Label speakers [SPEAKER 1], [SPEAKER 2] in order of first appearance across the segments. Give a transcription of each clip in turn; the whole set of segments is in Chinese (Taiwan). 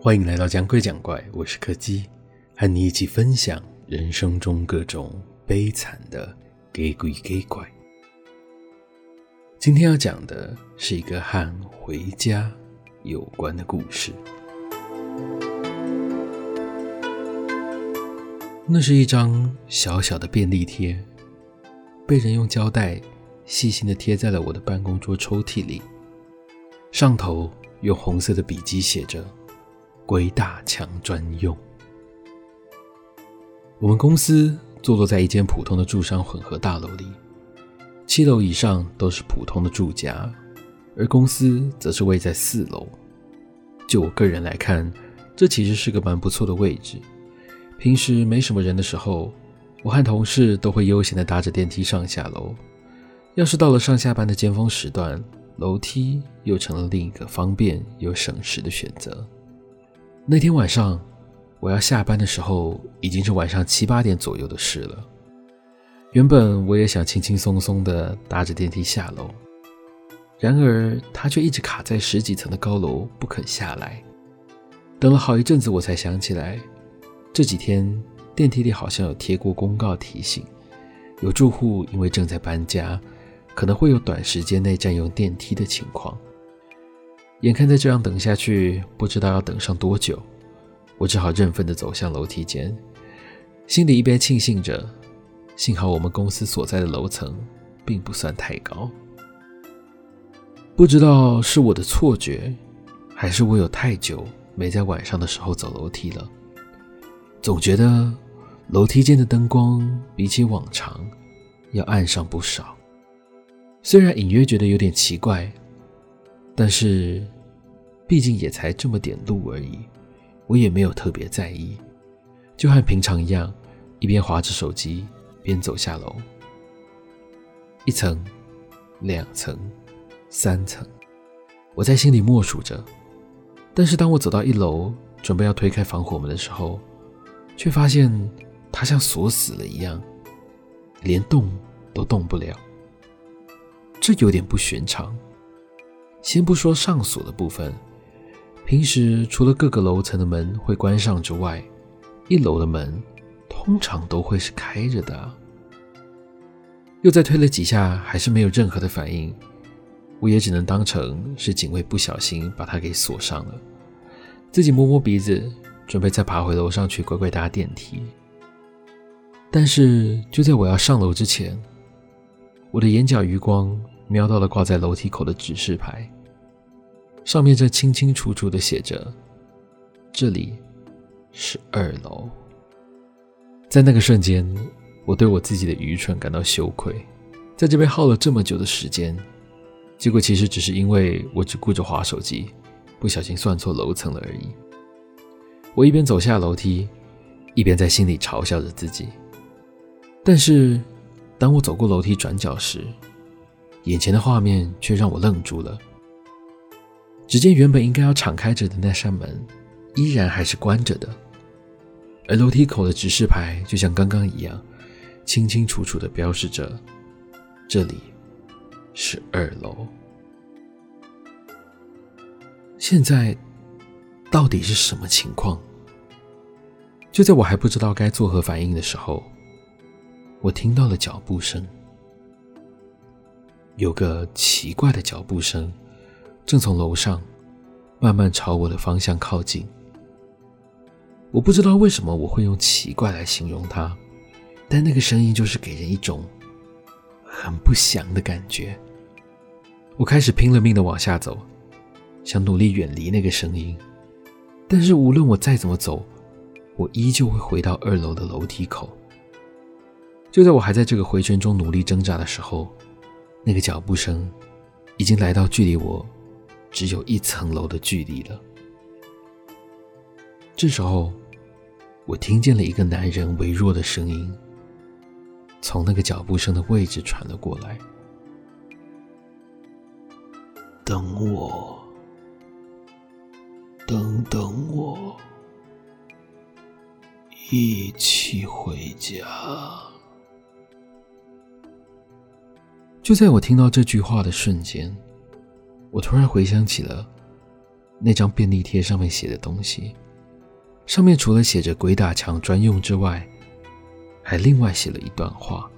[SPEAKER 1] 歡迎來到講鬼講怪，我是柯基，和你一起分享人生中各種悲慘的假鬼假怪。今天要講的是一個和回家有關的故事。那是一張小小的便利貼。被人用膠帶細心地貼在了我的辦公桌抽屜裡，上頭用紅色的筆跡寫着“鬼大強專用”。我們公司坐落在一間普通的住商混合大樓裡，七樓以上都是普通的住家，而公司則是位在四樓。就我個人來看，這其實是個蠻不錯的位置，平時沒什麼人的時候。我和同事都會悠閒地搭着電梯上下樓，要是到了上下班的尖峰時段，樓梯又成了另一個方便又省時的選擇。那天晚上，我要下班的時候已經是晚上七八點左右的事了。原本我也想輕輕鬆鬆地搭着電梯下樓，然而它卻一直卡在十幾層的高樓不肯下來。等了好一陣子，我才想起來，這幾天。電梯裡好像有貼過公告提醒，有住戶因為正在搬家，可能會有短時間內佔用電梯的情況。眼看再這樣等下去，不知道要等上多久，我只好認分地走向樓梯間，心裡一邊慶幸着，幸好我們公司所在的樓層並不算太高。不知道是我的錯覺，還是我有太久沒在晚上的時候走樓梯了，總覺得。樓梯間的燈光比起往常要暗上不少，雖然隱約覺得有點奇怪，但是畢竟也才這麼點路而已，我也沒有特別在意，就和平常一樣，一邊滑着手機邊走下樓。一層、兩層、三層，我在心裡默數着，但是當我走到一樓，準備要推開防火門的時候，卻發現。它像鎖死了一樣，連動都動不了。這有點不尋常。先不說上鎖的部分，平時除了各個樓層的門會關上之外，一樓的門通常都會是開着的。又再推了幾下，還是沒有任何的反應。我也只能當成是警衛不小心把它給鎖上了。自己摸摸鼻子，準備再爬回樓上去，乖乖搭電梯。但是，就在我要上樓之前，我的眼角餘光瞄到了掛在樓梯口的指示牌，上面正清清楚楚地寫着：“這裡是二樓。”在那個瞬間，我對我自己的愚蠢感到羞愧，在這邊耗了這麼久的時間，結果其實只是因為我只顧着滑手機，不小心算錯樓層了而已。我一邊走下樓梯，一邊在心裡嘲笑着自己。但是，當我走過樓梯轉角時，眼前的畫面卻讓我愣住了。只見原本應該要敞開着的那扇門，依然還是關着的，而樓梯口的指示牌就像剛剛一樣，清清楚楚的標示着這裡是二樓。現在，到底是什麼情況？就在我還不知道該作何反應的時候，我聽到了腳步聲，有個奇怪的腳步聲，正從樓上慢慢朝我的方向靠近。我不知道為什麼我會用“奇怪”來形容它，但那個聲音就是給人一種很不祥的感覺。我開始拼了命地往下走，想努力遠離那個聲音，但是無論我再怎麼走，我依舊會回到二樓的樓梯口。就在我還在這個回旋中努力掙扎的時候，那個腳步聲已經來到距離我只有一層樓的距離了。這時候，我聽見了一個男人微弱的聲音，從那個腳步聲的位置傳了過來：“等我，等等我，一起回家。”就在我聽到這句話的瞬間，我突然回想起了那張便利貼上面寫的東西。上面除了寫着“鬼打牆專用”之外，還另外寫了一段話。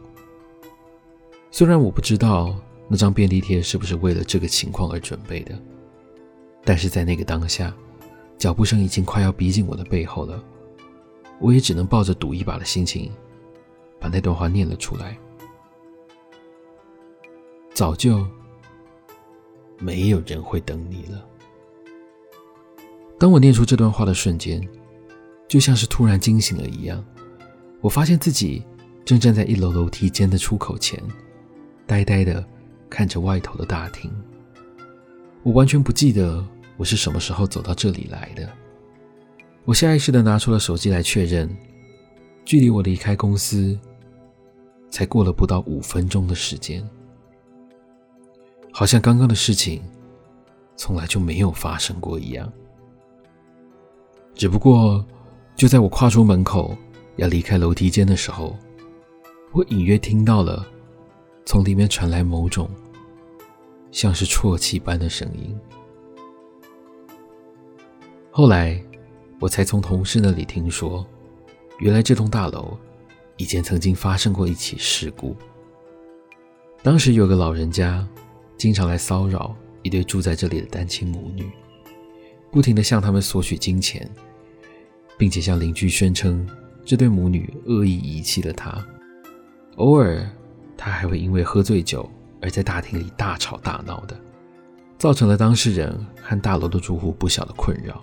[SPEAKER 1] 雖然我不知道那張便利貼是不是為了這個情況而準備的，但是在那個當下，腳步聲已經快要逼近我的背後了，我也只能抱着賭一把的心情，把那段話念了出來。早就沒有人會等你了。當我念出這段話的瞬間，就像是突然驚醒了一樣，我發現自己正站在一樓樓梯間的出口前，呆呆的看着外頭的大廳。我完全不記得我是什麼時候走到這裡來的。我下意識的拿出了手機來確認，距離我離開公司才過了不到五分鐘的時間。好像剛剛的事情從來就沒有發生過一樣。只不過，就在我跨出門口要離開樓梯間的時候，我隱約聽到了從裡面傳來某種像是啜泣般的聲音。後來，我才從同事那裡聽說，原來這棟大樓以前曾經發生過一起事故，當時有個老人家。經常來騷擾一對住在這裡的單親母女，不停的向他們索取金錢，並且向鄰居宣稱這對母女惡意遺棄了他。偶爾，他還會因為喝醉酒而在大廳裡大吵大鬧的，造成了當事人和大樓的住戶不小的困擾。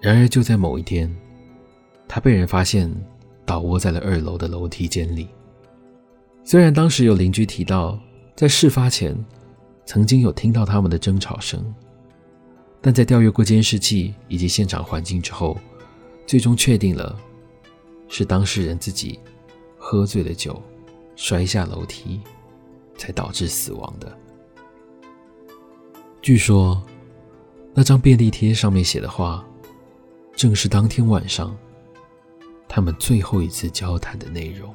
[SPEAKER 1] 然而，就在某一天，他被人發現倒臥在了二樓的樓梯間裡。雖然當時有鄰居提到，在事發前，曾經有聽到他們的爭吵聲，但在調閱過監視器以及現場環境之後，最終確定了是當事人自己喝醉了酒，摔下樓梯才導致死亡的。據說，那張便利貼上面寫的話，正是當天晚上他們最後一次交談的內容。